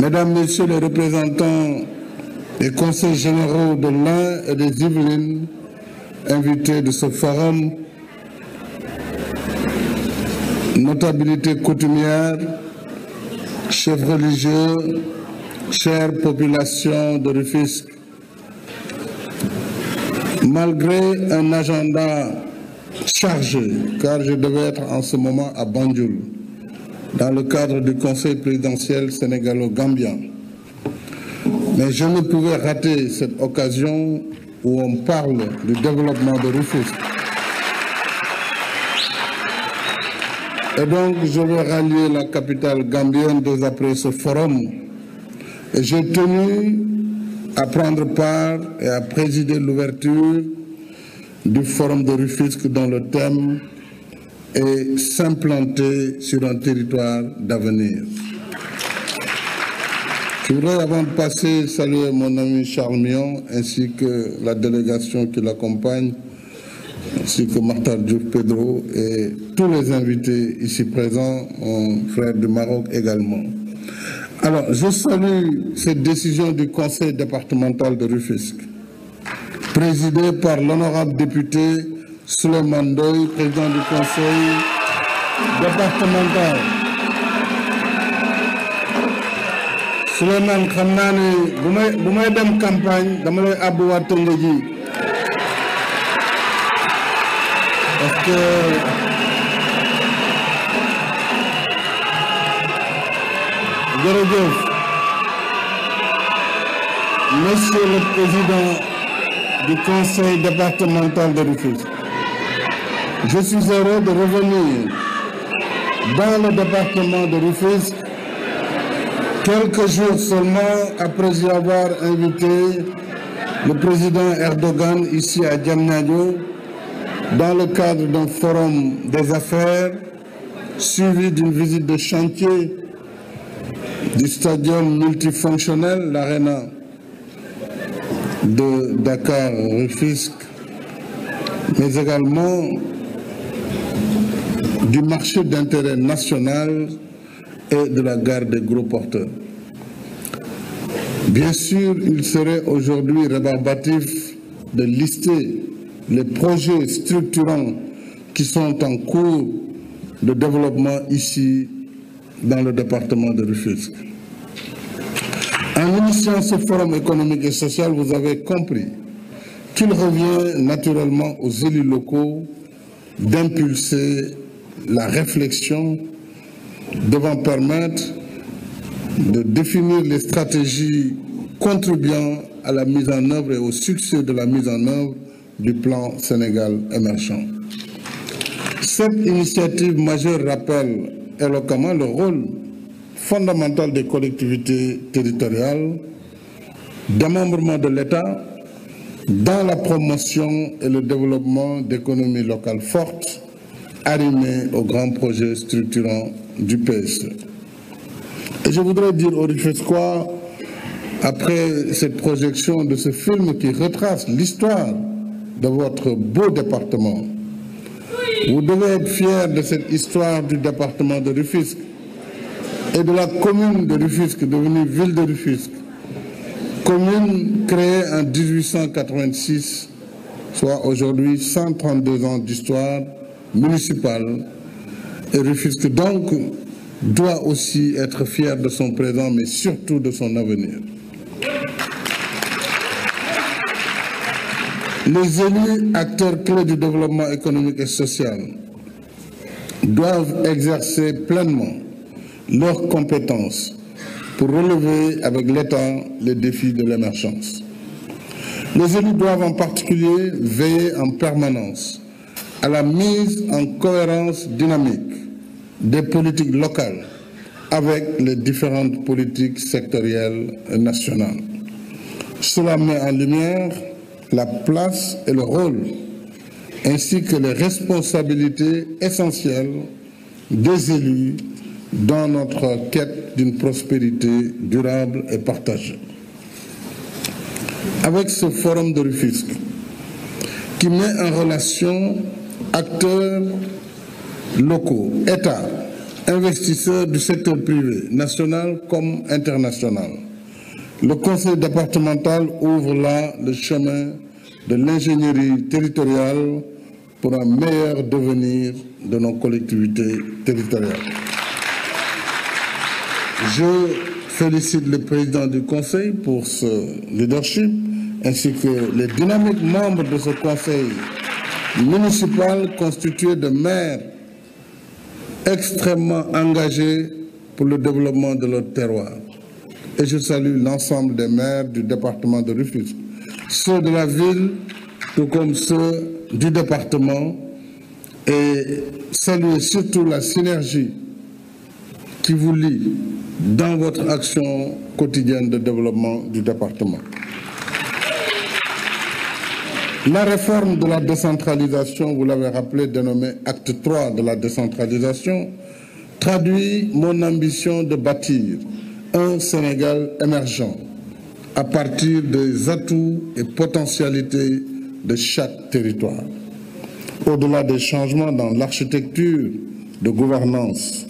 Mesdames, Messieurs les représentants des conseils généraux de l'Ain et des Yvelines, invités de ce forum, notabilité coutumière, chefs religieux, chère population de Rufisque, malgré un agenda chargé, car je devais être en ce moment à Banjul, dans le cadre du Conseil présidentiel sénégalo-gambien. Mais je ne pouvais rater cette occasion où on parle du développement de Rufus. Et donc, je vais rallier la capitale gambienne dès après ce forum. Et j'ai tenu à prendre part et à présider l'ouverture du forum de Rufusque dans le thème et s'implanter sur un territoire d'avenir. Je voudrais avant de passer saluer mon ami Charles Mion ainsi que la délégation qui l'accompagne, ainsi que Martha Diouf Pedro et tous les invités ici présents, mon frère du Maroc également. Alors, je salue cette décision du conseil départemental de Rufisque, présidée par l'honorable député Souleymane Ndoye président du conseil départemental Souleymane xam naa ne bu may bu may dem campagne dama lay àbb waa Tëngéej ji parce que jërëjëf monsieur le président du conseil départemental de Rufisque je suis heureux de revenir dans le département de Rufisque quelques jours seulement après y avoir invité le président Erdogan ici à Diamniadio dans le cadre d'un forum des affaires suivi d'une visite de chantier du stadium multifonctionnel, l'Arena de Dakar Rufisque, mais également du marché d'intérêt national et de la gare des gros porteurs. Bien sûr, il serait aujourd'hui rébarbatif de lister les projets structurants qui sont en cours de développement ici dans le département de Rufusque. En lançant ce forum économique et social, vous avez compris qu'il revient naturellement aux élus locaux d'impulser la réflexion devant permettre de définir les stratégies contribuant à la mise en œuvre et au succès de la mise en œuvre du plan Sénégal émergent. Cette initiative majeure rappelle éloquemment le rôle fondamental des collectivités territoriales, d'un de l'État dans la promotion et le développement d'économies locales fortes arrimé au grand projet structurant du PS. Et je voudrais dire au Rufusquois, après cette projection de ce film qui retrace l'histoire de votre beau département, vous devez être fiers de cette histoire du département de Rufusque et de la commune de Rufusque, devenue ville de Rufusque. commune créée en 1886, soit aujourd'hui 132 ans d'histoire Municipal et refuse donc doit aussi être fier de son présent mais surtout de son avenir. Les élus, acteurs clés du développement économique et social, doivent exercer pleinement leurs compétences pour relever avec l'État les défis de l'émergence. Les élus doivent en particulier veiller en permanence à la mise en cohérence dynamique des politiques locales avec les différentes politiques sectorielles nationales. Cela met en lumière la place et le rôle ainsi que les responsabilités essentielles des élus dans notre quête d'une prospérité durable et partagée. Avec ce forum de Rufisque, qui met en relation acteurs locaux, États, investisseurs du secteur privé, national comme international. Le conseil départemental ouvre là le chemin de l'ingénierie territoriale pour un meilleur devenir de nos collectivités territoriales. Je félicite le président du conseil pour ce leadership ainsi que les dynamiques membres de ce conseil municipale constitué de maires extrêmement engagés pour le développement de leur terroir. Et je salue l'ensemble des maires du département de Rufus, ceux de la ville, tout comme ceux du département, et saluer surtout la synergie qui vous lie dans votre action quotidienne de développement du département. La réforme de la décentralisation, vous l'avez rappelé, dénommée acte 3 de la décentralisation, traduit mon ambition de bâtir un Sénégal émergent à partir des atouts et potentialités de chaque territoire. Au-delà des changements dans l'architecture de gouvernance,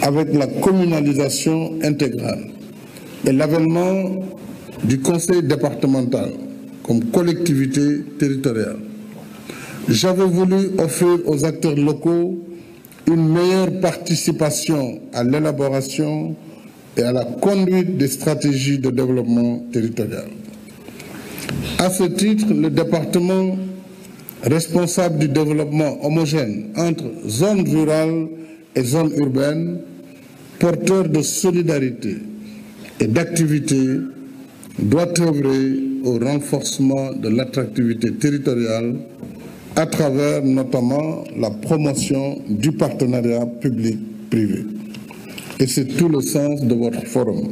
avec la communalisation intégrale et l'avènement du conseil départemental, comme collectivité territoriale. J'avais voulu offrir aux acteurs locaux une meilleure participation à l'élaboration et à la conduite des stratégies de développement territorial. À ce titre, le département responsable du développement homogène entre zones rurales et zones urbaines, porteur de solidarité et d'activité, doit œuvrer au renforcement de l'attractivité territoriale à travers notamment la promotion du partenariat public-privé. Et c'est tout le sens de votre forum.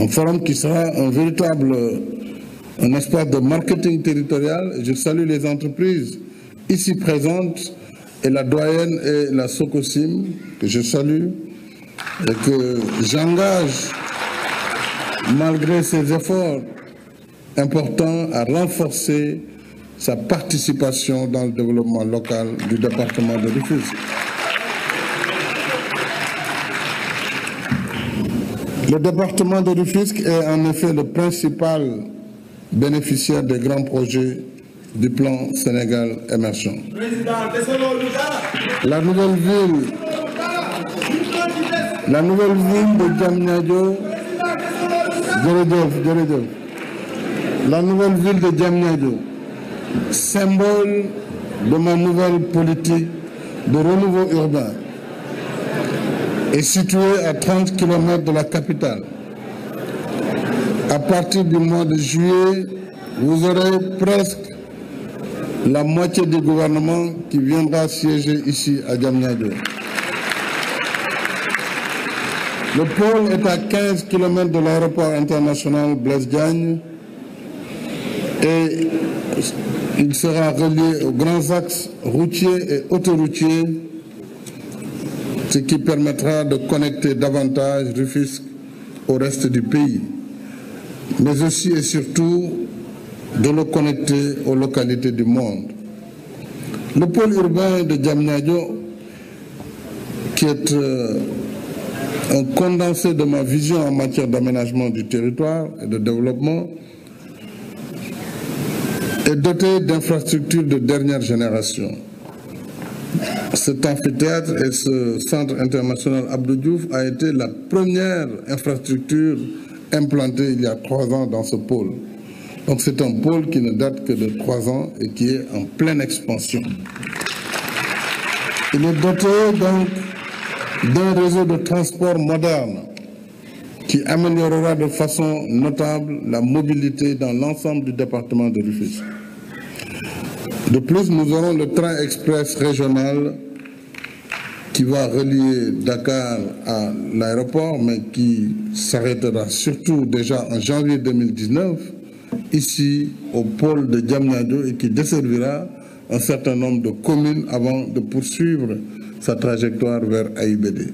Un forum qui sera un véritable un espace de marketing territorial. Je salue les entreprises ici présentes et la doyenne et la SOCOSIM que je salue et que j'engage malgré ses efforts importants à renforcer sa participation dans le développement local du département de Rufisque. Le département de Rufisque est en effet le principal bénéficiaire des grands projets du plan Sénégal émergent. La nouvelle ville, la nouvelle ville de Djamnadio la nouvelle ville de Diamniadio symbole de ma nouvelle politique de renouveau urbain est située à 30 km de la capitale à partir du mois de juillet vous aurez presque la moitié du gouvernement qui viendra siéger ici à Diamniadio le pôle est à 15 km de l'aéroport international Blaise Diagne et il sera relié aux grands axes routiers et autoroutiers, ce qui permettra de connecter davantage Rufisque au reste du pays, mais aussi et surtout de le connecter aux localités du monde. Le pôle urbain de Djamnadio, qui est euh, un condensé de ma vision en matière d'aménagement du territoire et de développement est doté d'infrastructures de dernière génération. Cet amphithéâtre et ce centre international Abdou Diouf a été la première infrastructure implantée il y a trois ans dans ce pôle. Donc c'est un pôle qui ne date que de trois ans et qui est en pleine expansion. Il est doté donc d'un réseau de transport moderne qui améliorera de façon notable la mobilité dans l'ensemble du département de Rufus. De plus, nous aurons le train express régional qui va relier Dakar à l'aéroport, mais qui s'arrêtera surtout déjà en janvier 2019, ici au pôle de Diamniadio, et qui desservira un certain nombre de communes avant de poursuivre sa trajectoire vers AIBD.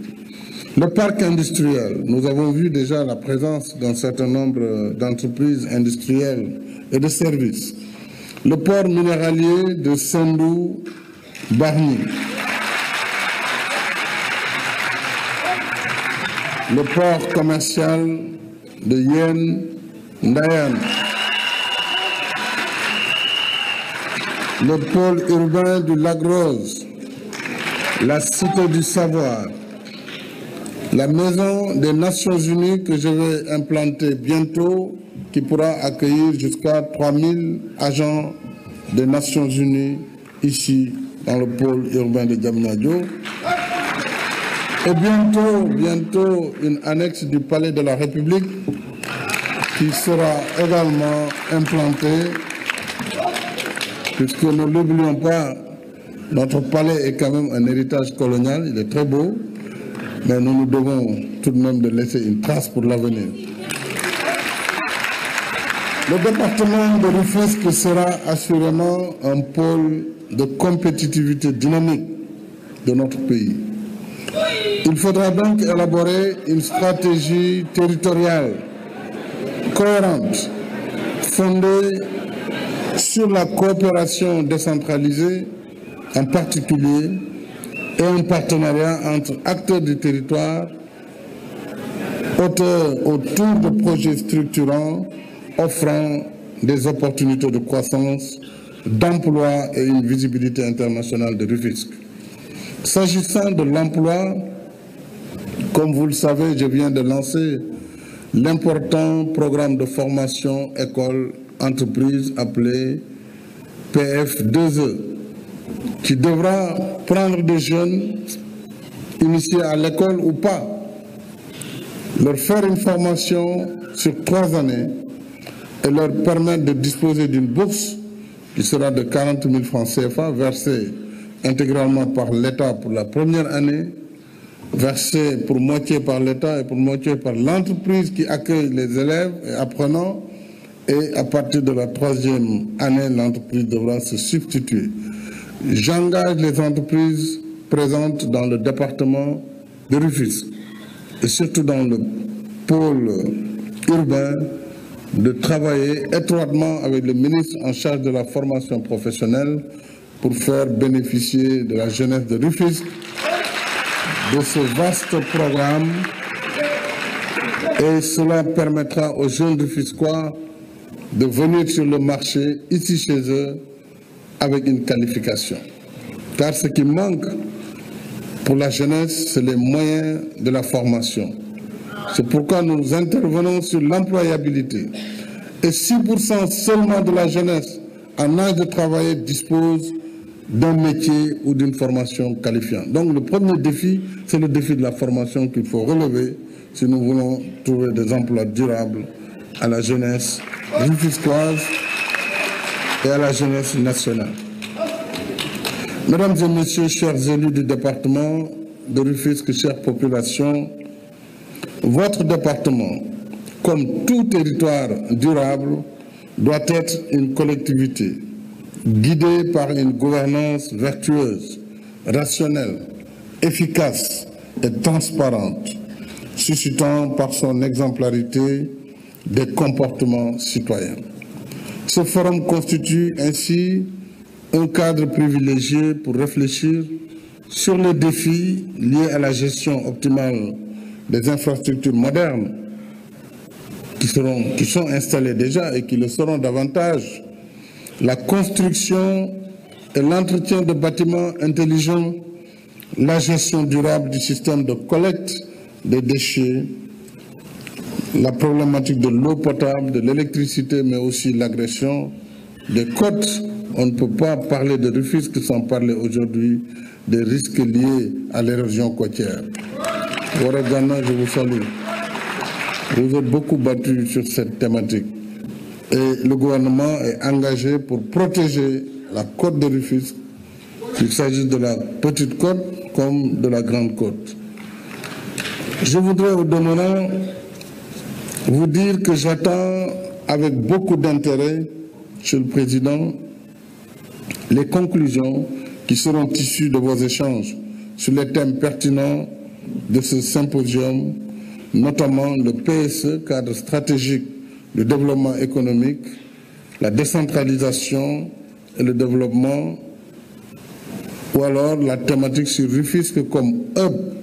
Le parc industriel, nous avons vu déjà la présence d'un certain nombre d'entreprises industrielles et de services. Le port minéralier de Sendou Barni. Le port commercial de Yen Ndayan. Le pôle urbain du Lagros la Cité du Savoir, la Maison des Nations Unies que je vais implanter bientôt, qui pourra accueillir jusqu'à 3000 agents des Nations Unies ici dans le pôle urbain de Diamniadio. Et bientôt, bientôt, une annexe du Palais de la République qui sera également implantée, puisque ne l'oublions pas, notre palais est quand même un héritage colonial, il est très beau, mais nous nous devons tout de même de laisser une trace pour l'avenir. Le département de Rufesque sera assurément un pôle de compétitivité dynamique de notre pays. Il faudra donc élaborer une stratégie territoriale cohérente, fondée sur la coopération décentralisée en particulier et un partenariat entre acteurs du territoire, auteurs autour de projets structurants offrant des opportunités de croissance, d'emploi et une visibilité internationale de risque. S'agissant de l'emploi, comme vous le savez, je viens de lancer l'important programme de formation école-entreprise appelé PF2E qui devra prendre des jeunes initiés à l'école ou pas, leur faire une formation sur trois années et leur permettre de disposer d'une bourse qui sera de 40 000 francs CFA versée intégralement par l'État pour la première année, versée pour moitié par l'État et pour moitié par l'entreprise qui accueille les élèves et apprenants. Et à partir de la troisième année, l'entreprise devra se substituer j'engage les entreprises présentes dans le département de Rufus et surtout dans le pôle urbain de travailler étroitement avec le ministre en charge de la formation professionnelle pour faire bénéficier de la jeunesse de Rufus de ce vaste programme et cela permettra aux jeunes rufiscois de venir sur le marché ici chez eux avec une qualification. Car ce qui manque pour la jeunesse, c'est les moyens de la formation. C'est pourquoi nous intervenons sur l'employabilité. Et 6% seulement de la jeunesse en âge de travailler dispose d'un métier ou d'une formation qualifiante. Donc le premier défi, c'est le défi de la formation qu'il faut relever si nous voulons trouver des emplois durables à la jeunesse rufiscoise et à la jeunesse nationale. Mesdames et Messieurs, chers élus du département de Rufusque, chère population, votre département, comme tout territoire durable, doit être une collectivité guidée par une gouvernance vertueuse, rationnelle, efficace et transparente, suscitant par son exemplarité des comportements citoyens. Ce forum constitue ainsi un cadre privilégié pour réfléchir sur les défis liés à la gestion optimale des infrastructures modernes qui, sont installées déjà et qui le seront davantage, la construction et l'entretien de bâtiments intelligents, la gestion durable du système de collecte des déchets la problématique de l'eau potable, de l'électricité, mais aussi l'agression des côtes. On ne peut pas parler de refusque sans parler aujourd'hui des risques liés à l'érosion côtière. je vous salue. Vous êtes beaucoup battu sur cette thématique. Et le gouvernement est engagé pour protéger la côte de Rufus, qu'il s'agisse de la petite côte comme de la grande côte. Je voudrais au demeurant vous dire que j'attends avec beaucoup d'intérêt, Monsieur le Président, les conclusions qui seront issues de vos échanges sur les thèmes pertinents de ce symposium, notamment le PSE, cadre stratégique de développement économique, la décentralisation et le développement, ou alors la thématique sur Rufisque comme hub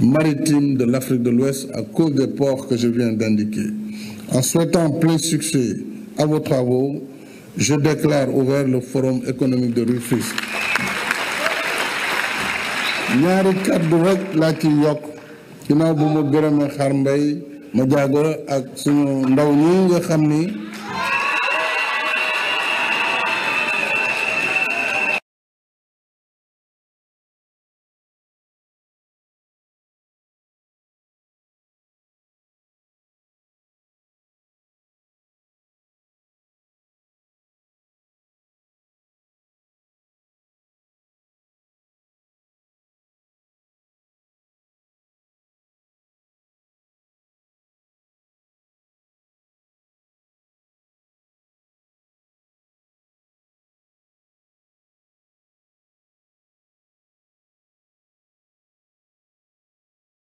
maritime de l'Afrique de l'Ouest à cause des ports que je viens d'indiquer. En souhaitant plein succès à vos travaux, je déclare ouvert le Forum économique de Rufisque.